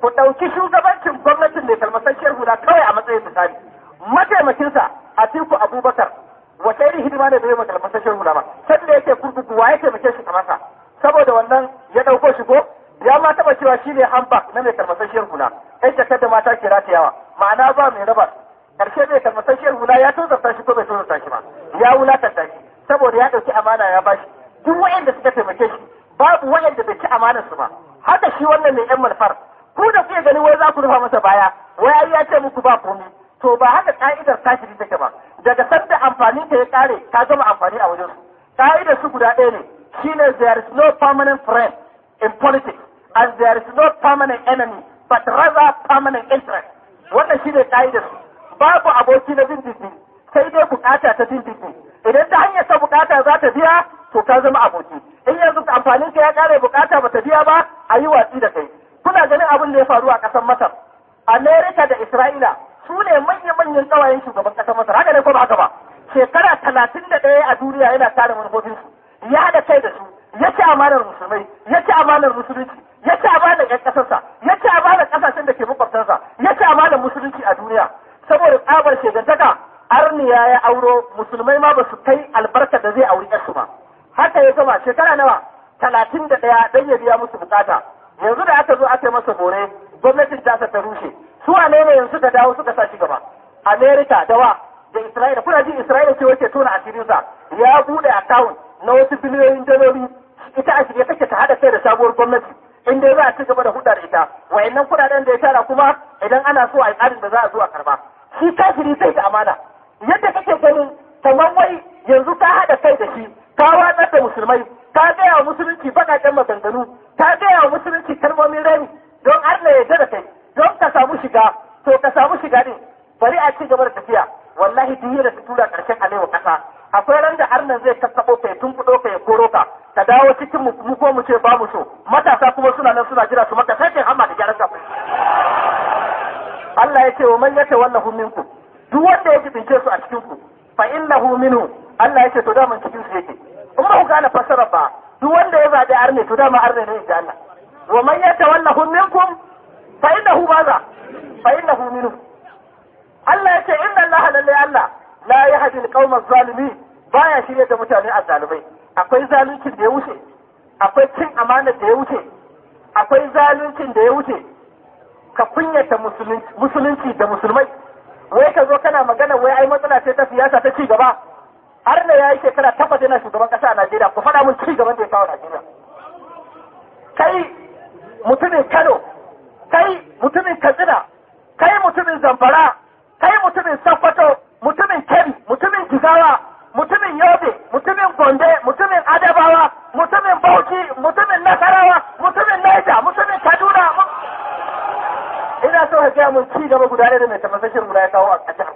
ku ɗauki shugabancin gwamnatin mai shehu hula kawai a matsayin misali mataimakinsa Atiku Abubakar wata hidima ne bai masa shirin hulama sai da yake kurkuku wa yake mace shi kamar sa saboda wannan ya dauko shi ko ya ma taba cewa shi ne handbag na mai shirin hula ai jakar da mata ke ratayawa ma'ana ba mai raba karshe mai shirin hula ya zarta shi ko bai zarta shi ba ya ta shi saboda ya dauki amana ya bashi duk waɗanda suka taimake shi babu waɗanda bai ci amanar su ba haka shi wannan mai yan malfar ku da kuke gani wai za ku rufa masa baya wai ai ya ce muku ba komai to ba haka ka'idar kafiri take ba daga sanda amfani ta ya kare ta gama amfani a wajen su ka'idar su guda ɗaya ne shine there is no permanent friend in politics and there is no permanent enemy but rather permanent interest wannan shine ka'idar su babu aboki na diddi sai dai bukata ta diddi. idan ta hanyar ta bukata za ta biya to ta zama aboki in yanzu amfani ka ya kare bukata ba ta biya ba a yi watsi da kai kuna ganin abin da ya faru a ƙasar masar amerika da isra'ila su ne manya-manyan tsawayen shugaban ƙasar masar haka ne ko ba haka ba shekara talatin da ɗaya a duniya yana tare manufofinsu ya haɗa kai da su ya ci amanar musulmai ya ci amanar musulunci ya ci amanar ƴan ƙasarsa ya ci amanar ƙasashen da ke makwabtansa ya ci amanar musulunci a duniya saboda tsabar shegantaka arniya ya auro musulmai ma ba su kai albarka da zai auri ƴarsu ba haka ya zama shekara nawa talatin da ɗaya ɗan ya biya musu bukata yanzu da aka zo aka yi masa bore gwamnatin jasa ta rushe su wane yanzu suka dawo suka sa shi gaba america da wa da isra'ila kuna ji isra'ila ce wace tona asirinsa ya bude account na wasu biliyoyin daloli ita a shirye take ta hada kai da sabuwar gwamnati in dai za a ci gaba da hudar ita wayannan kudaden da ya tara kuma idan ana so a yi da za a zo a karba shi shiri sai ta amana yadda kake ganin kamar wai yanzu ta hada kai da shi ka watsar da musulmai ta gaya wa musulunci baƙaƙen maganganu ta gaya wa musulunci kalmomin rami don arna ya da kai don ka samu shiga to ka samu shiga din bari a ci gaba da tafiya wallahi duk da su tura karshen alewa kasa akwai ran da nan zai kakkabo kai tun kudo kai koro ka ka dawo cikin mu ko mu ce ba mu so matasa kuma suna nan suna jira su maka sai kai hamma da gyaran ka Allah ya ce wa man yace wallahu minkum duk wanda ya jibince su a cikin ku fa innahu minhu Allah ya ce to daman cikin su yake in ba ku gane fasara ba duk wanda ya zaɓi arne to dama arne ne ya Allah wa man yace wallahu minkum fa innahu maza fa innahu minhu Allah ya ce inna Allah lalle Allah la yahdi al-qawm az baya shirye da mutane azzalimai akwai zaluncin da ya wuce akwai cin amana da ya wuce akwai zaluncin da ya wuce ka kunyata musulunci da musulmai wai ka zo kana magana wai ai matsala ce ta siyasa ta ci gaba har da yayi shekara takwas yana shugaban kasa a Najeriya ku faɗa mun ci gaban da ya kawo Najeriya kai mutumin Kano kai mutumin katsina kai mutumin zamfara kai mutumin sakkwato mutumin Keri, mutumin jigawa mutumin yobe mutumin gombe mutumin adabawa mutumin bauchi mutumin nasarawa mutumin naija mutumin kaduna ina so ka gaya mun ci gaba guda da mai tafasashin guda ya kawo a jihar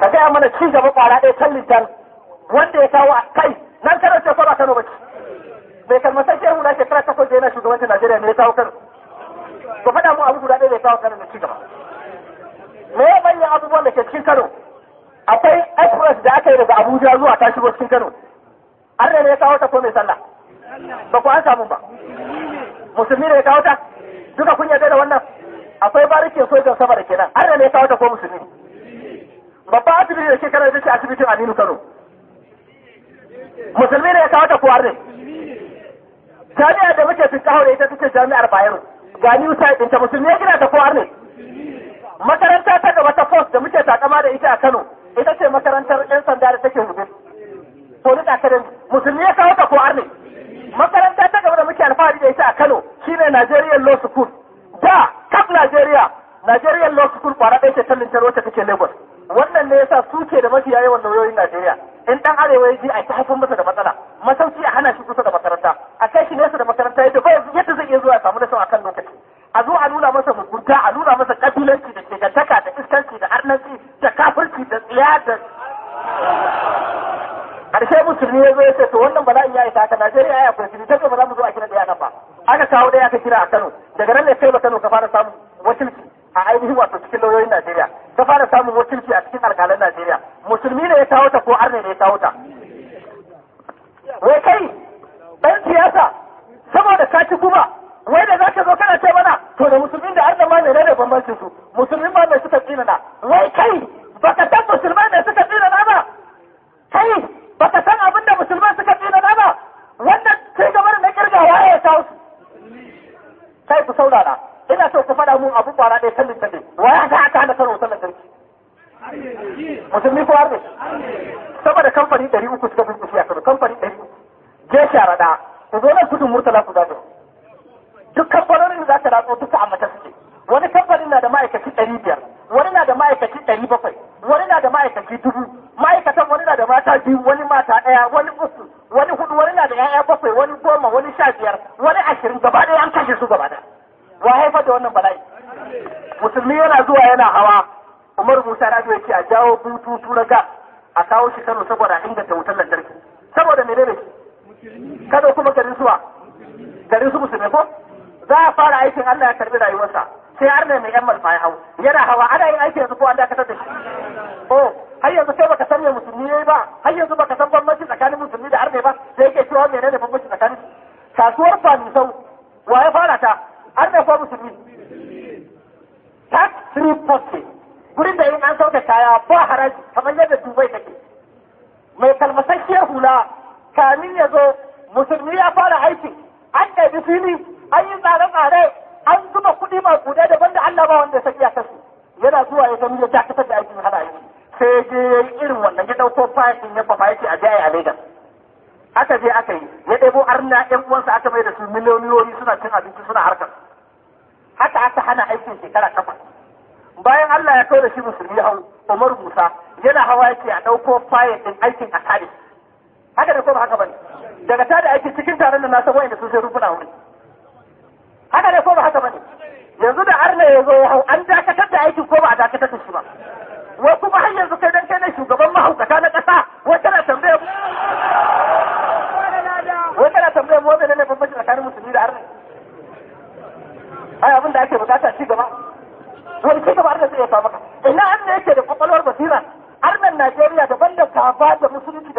ka gaya mana ci gaba kwara ɗaya can wanda ya kawo a kai nan kanar ce ko ba kano ba ci bai kalmata sai hula ke takwas da yana shugabancin Najeriya mai ya kawo Kano ku faɗa mu abu guda ɗaya bai kawo Kano mai cigaba me ya bayyana abubuwan da ke cikin Kano akwai express da aka yi daga Abuja zuwa ta shigo cikin Kano an ne ya kawo ta ko mai sallah ba ku an samu ba musulmi ne ya kawo ta duka kun yarda da wannan akwai barikin sojan sama da kenan an ne ya kawo ta ko musulmi babban asibiti da kanar da ce asibitin Aminu Kano musulmi ne ya kawo ta ko arne jami'a da muke sun kawo da ita take jami'ar bayero ga new site ta musulmi ya gina ta ko arne makaranta ta gaba ta post da muke takama da ita a kano ita ce makarantar yan sanda da take hudu police academy musulmi ya kawo ta ko arne makaranta ta gaba da muke alfahari da ita a kano shine nigerian law school da kaf nigeria nigerian law school kwara ɗaya ce ta lintar wacce take lagos wannan ne yasa suke da mafiya yawan nauyoyin kawo ɗaya kira a Kano daga nan ne sai ba Kano ka fara samun wakilci a ainihin wato cikin lauyoyin Najeriya ka fara samun wakilci a cikin alƙalan Najeriya musulmi ne ya kawo ta ko arne ne ya kawo ta wai kai ɗan siyasa saboda ka ci kuma wai da zaka zo kana ce mana to da musulmin da arna ma ne ne bambancin su musulmin ma ne suka tsina na wai kai baka san musulmai ne suka tsina na ba kai baka san abin da musulmai suka tsina na ba wannan sai gabar na kirgawa ya kawo su kai ku saurara ina so ku faɗa mun abu kwara ɗaya sallin talle wa ya ga aka hana karo sallan sarki musulmi ko harbe sama da kamfani ɗari uku suka fi kusiya kano kamfani ɗari uku je shara ɗa ku zo nan kudin murtala ku zaɓe duk kamfanonin da za ta ratso duka a mata suke wani kamfanin na da ma'aikaci ɗari biyar wani na da ma'aikaci ɗari bakwai wani na da ma'aikaci dubu ma'aikatan wani na da mata biyu wani mata ɗaya wani uku wani hudu wani na da 'ya'ya bakwai wani goma wani sha biyar wani ashirin gaba ɗaya an kashe su gaba ɗaya wa haifar da wannan bala'i musulmi yana zuwa yana hawa umar musa na ce a jawo bututu na gas a kawo shi kano saboda a inganta wutar lantarki saboda menene kano kuma garin suwa garin su musulmi ko za a fara aikin Allah ya karbi rayuwarsa sai har ne mai yan malfa ya hau yana hawa ana yin aiki yanzu ko an dakatar da shi ko oh, har yanzu sai baka san me musulmi yayi ba har yanzu baka san bambanci tsakanin musulmi da arne ba sai yake cewa da bambanci tsakanin kasuwar famisau wa ya fara ta arne ko musulmi tax free posting gurin da yin an sauka kaya ba haraji kamar yadda dubai take mai kalmasasshe hula kamin ya zo musulmi ya fara aiki an ɗabi fili an yi tsare-tsare an zuba kuɗi ma guda daban da Allah ba wanda ya saki a kasu. yana zuwa ya zama ya dakatar da aikin hana aiki sai je ya yi irin wannan ya ɗauko fayil ɗin ya fafa yake a jaya a Lagos aka je aka yi ya ɗebo arna yan uwansa aka mai da su miliyoyi suna cin abinci suna harkar haka aka hana aikin shekara kafa bayan Allah ya kawo da shi musulmi hau Umar Musa yana hawa yake a ɗauko fayil ɗin aikin a kare haka da kuma haka bane daga ta da aiki cikin taron da na san wa'anda sun sai rufuna wuri haka ne ko ba haka bane yanzu da arna ya zo ya hau an dakatar da aikin ko ba a dakatar da shi ba wai kuma har yanzu kai dan kai ne shugaban mahaukata na ƙasa wai tana tambaya wai tana tambaya mu ne bambanci tsakanin musulmi da arna ai abin da ake bukata ci gaba wani ci gaba arna zai ya samu ina ne yake da kwakwalwar basira arnan Najeriya daban da kafa da musulunci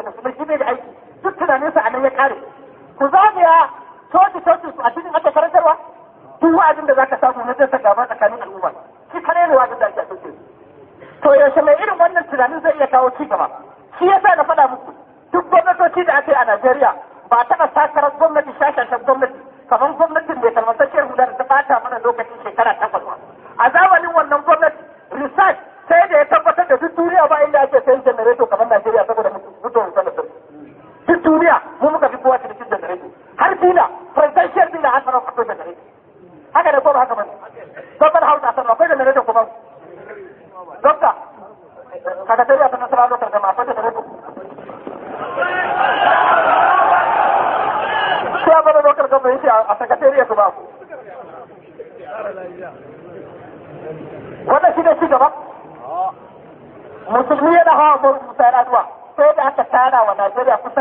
rana zuwa sai da aka tara wa Najeriya kusa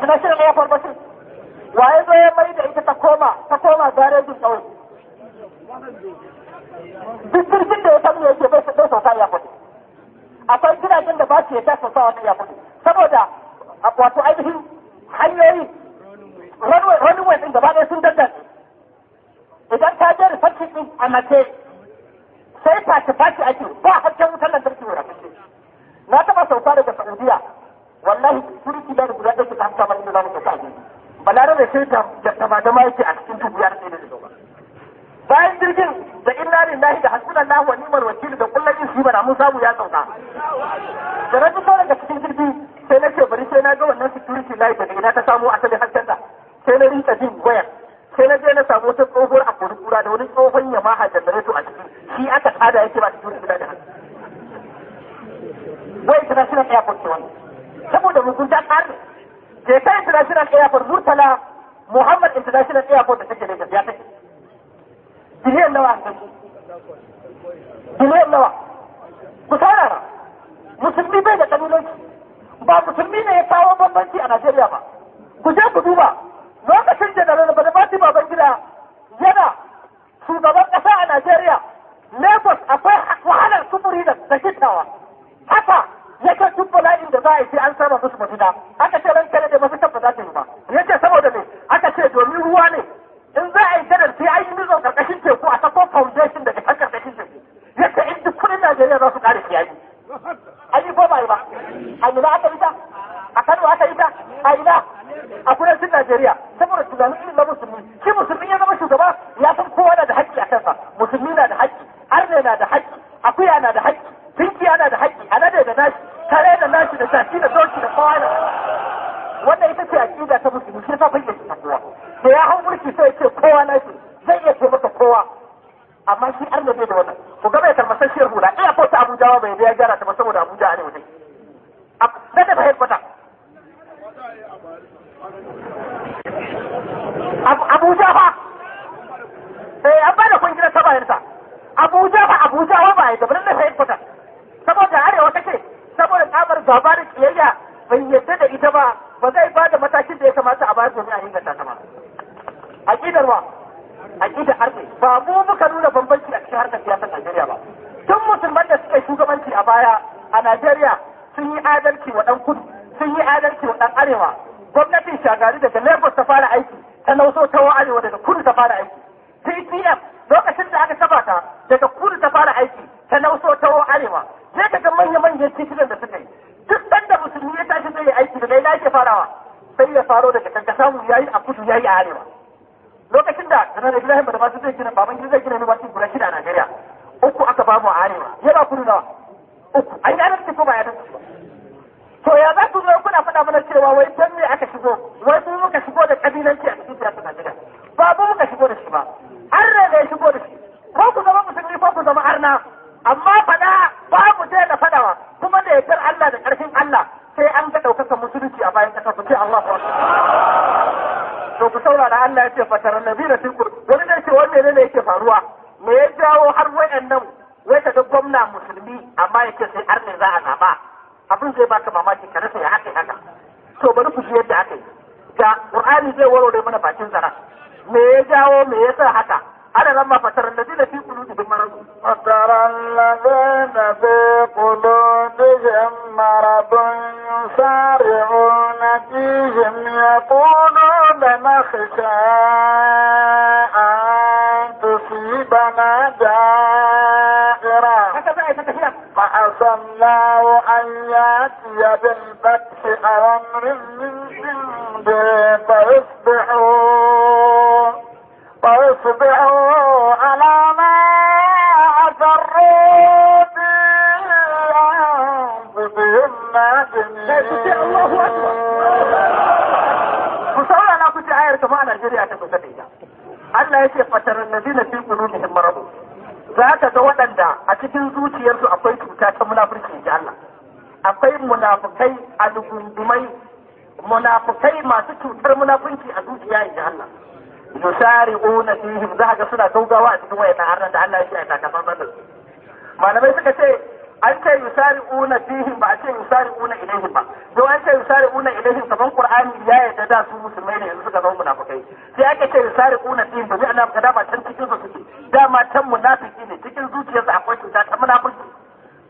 na shirin ya farmashin waye zo ya mai da ita ta koma ta koma garejin tsawon duk jirgin da ya san ya ce bai sauka ya kudu akwai gidajen da ba su yadda su sa wani ya kudu saboda wato ainihin hanyoyi runway din gaba ɗaya sun dandan idan ta je rufakin din a mace sai face face ake ba hasken wutar lantarki wurin na taɓa sauka daga saudiya wallahi kirki da guda da ta hanta mai da zamu ta da balarabe sai ta da ta da mai a cikin dubiyar ne da bayan jirgin da inna lillahi da hasbunallahu wa ni'mal wakil da kullu shi bana, mun samu ya sauka da rabu ko daga cikin jirgin, sai na ce bari sai na ga wannan security light da ina ta samu asali hasken ta sai na rinka jin wayar sai na je na samu wata tsohuwar a kura da wani tsohon dare to a ciki shi aka tsada yake ba security gida da hasken wai international airport ce wannan saboda mugunta ƙarin jeka international airport murtala muhammad international airport da take lagos ya take biliyan nawa biliyan nawa ku tsara musulmi bai da kabilanci ba musulmi ne ya kawo bambanci a najeriya ba ku je ku duba lokacin da ba badabati gida yana shugaban kasa a najeriya lagos akwai wahalar kumuri da gittawa haka yake duk bala'in da za a yi sai an saba musu mafita aka ce ran kare da mafita ba za ta yi ba yace saboda me aka ce domin ruwa ne in za a yi gadar sai an yi nizo karkashin teku a sako foundation daga kan karkashin teku ya in duk kudin Najeriya za su kare kiyayi an yi ko ba yi ba a ina aka yi ta a Kano aka yi ta a ina a kudancin Najeriya faɗa mana cewa wai don me aka shigo wai mu muka shigo da kabilanci a cikin siyasar Najeriya ba mu muka shigo da shi ba an rage ya shigo da shi ko ku zama musulmi ko ku zama arna amma faɗa ba mu je da faɗawa kuma da yardar Allah da ƙarfin Allah sai an ga ɗaukaka musulunci a bayan ƙasa ku ce Allah ku to ku saurara Allah ya ce fatara biyu da tilkur wani ne ce wanne ne yake faruwa me ya jawo har wayannan wai ka ga gwamna musulmi amma yake sai arne za a zaba abin zai baka mamaki ka rasa ya to bari ku ji yadda aka yi ga qur'ani zai warware mana bakin zara me ya jawo me yasa haka أنا لما فتر الذين في قلوبهم مرض فترى الذين في قلوبهم مرض يسارعون فيهم يقولون نخشى أن تصيبنا دائرة فعسى الله أن يأتي بالفتح أمر من عنده فيصبحوا فاصبروا على ما أسروا في Allah ya ce fatarar na zina fi qulubihim maradu za ka ga waɗanda a cikin zuciyarsu akwai cuta ta munafurci ji Allah akwai munafukai a munafukai masu cutar munafunci a zuciya ji Allah yusari'una fihim za ga suna gaugawa a cikin wayannan harnan da Allah ya ce a takaman da malamai suka ce an ce yusari'una fihim ba a ce yusari'una ilaihim ba don an ce yusari'una ilaihim kaman qur'ani ya yadda da su musulmai ne yanzu suka zama munafikai sai ake ce yusari'una fihim domin Allah ka dama can cikin su suke dama can munafiki ne cikin zuciyarsa akwai cuta ta munafiki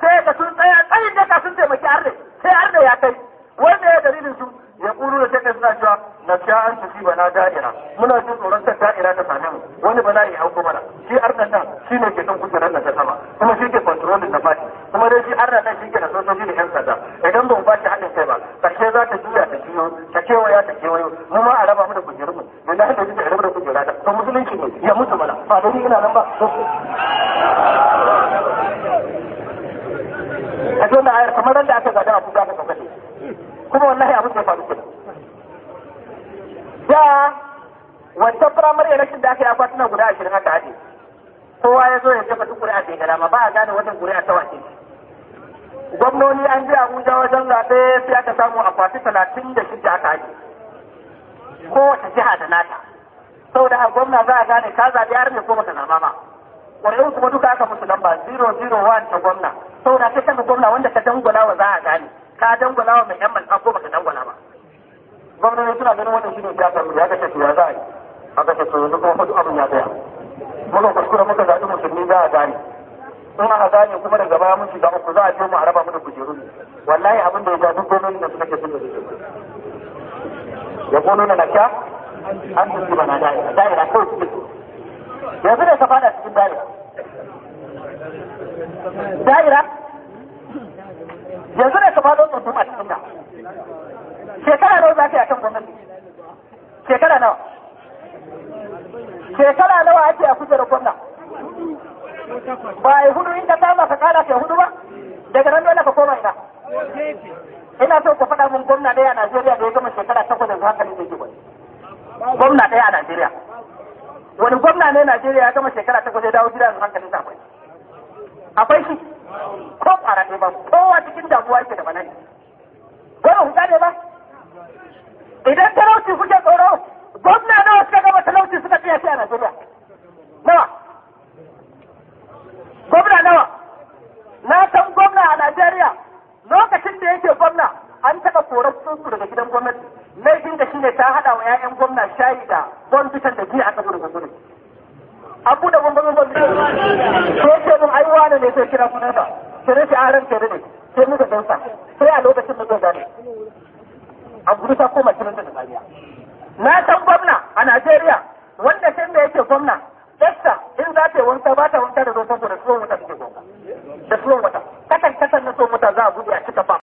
sai ka sun tsaya tsayin da ka sun taimaki arne sai arne ya kai wanda ya dalilin su da take suna cewa na sha an ba na da'ira muna jin tsoron ta da'ira ta same mu wani bala'i hauko mana shi arna nan shi ne ke kan kujerar nan ta sama kuma shi ke kontrolin da fati kuma dai shi arna nan shi ke da sojoji da yan sada idan ba mu ba shi haɗin kai ba karshe za ta juya ta juyo ta kewaya ta kewayo mu ma a raba mu da kujerun mu da na haɗa da raba da kujera ta to musulunci ne ya mutu mana ba dai ina nan ba a jona ayar kamar da aka gada a kuka ka kace kuma wallahi abin da ya faru kenan da wancan firamare election da aka yi akwatuna guda ashirin haka ake kowa ya zo ya jefa duk kuri'a bai gara ma ba a gane wannan kuri'a ta wace gwamnoni an ji abuja wajen zaɓe sai aka samu akwati talatin da shida aka ake kowace jiha da nata saboda a gwamna za a gane ka zaɓi har ne ko baka zama ma ƙwararru kuma duka aka musu lamba 001 ta gwamna saboda kai kanka gwamna wanda ka dangwala wa za a gane ka dangwala wa mai yan malka ko baka dangwala ba gwamnati suna ganin wannan shine ya samu ya kace ya za a yi aka ce to yanzu kuma hudu abin ya tsaya muna kuskure muka zaɓi musulmi za a gane in aka gane kuma daga baya mun shiga uku za a je mu a raba mu da kujeru wallahi abin da ya ja duk gwamnati da suka ke sun da ya kono na lafiya an tuki bana daya da'ira kawai suke yanzu da ka fada cikin daya da'ira yanzu ne su faɗo tsundum a cikin shekara nawa za ka yi a kan gwamnati shekara nawa shekara nawa ake a kujerar gwamna ba a yi hudu in ta ma ka kara ke hudu ba daga nan dole ka koma ina ina so ka faɗa mun gwamna ɗaya a Najeriya da ya gama shekara takwas yanzu zuwa da jirgin gwani gwamna ɗaya a Najeriya wani gwamna ne Najeriya ya gama shekara takwas ya dawo gida yanzu hankalin sa akwai akwai shi ko fara ɗaya ba kowa cikin damuwa yake da banani gwamna ku ne ba idan talauci kuke tsoro gwamna nawa suka gama talauci suka tsaya shi a Najeriya nawa gwamna nawa na san gwamna a Najeriya lokacin da yake gwamna an taɓa korar tsuntsu daga gidan gwamnati laifin da shine ta haɗa wa 'ya'yan gwamna shayi da bon fitar da giya a saboda gudunar an buɗe bambam bambam sai ce mun ai wani ne sai kira sunansa sai na ah, Sai an rance da ne sai muka sa. sai a lokacin zai gane a gudu ta koma kiran da tsariya na san gwamna a Najeriya wanda sai da yake gwamna Esta in za ta yi wanka ba ta wanka da zoton da tsohon wata take gwamna da tsohon wata kasan kasan na tsohon wata za a buɗe a cika ba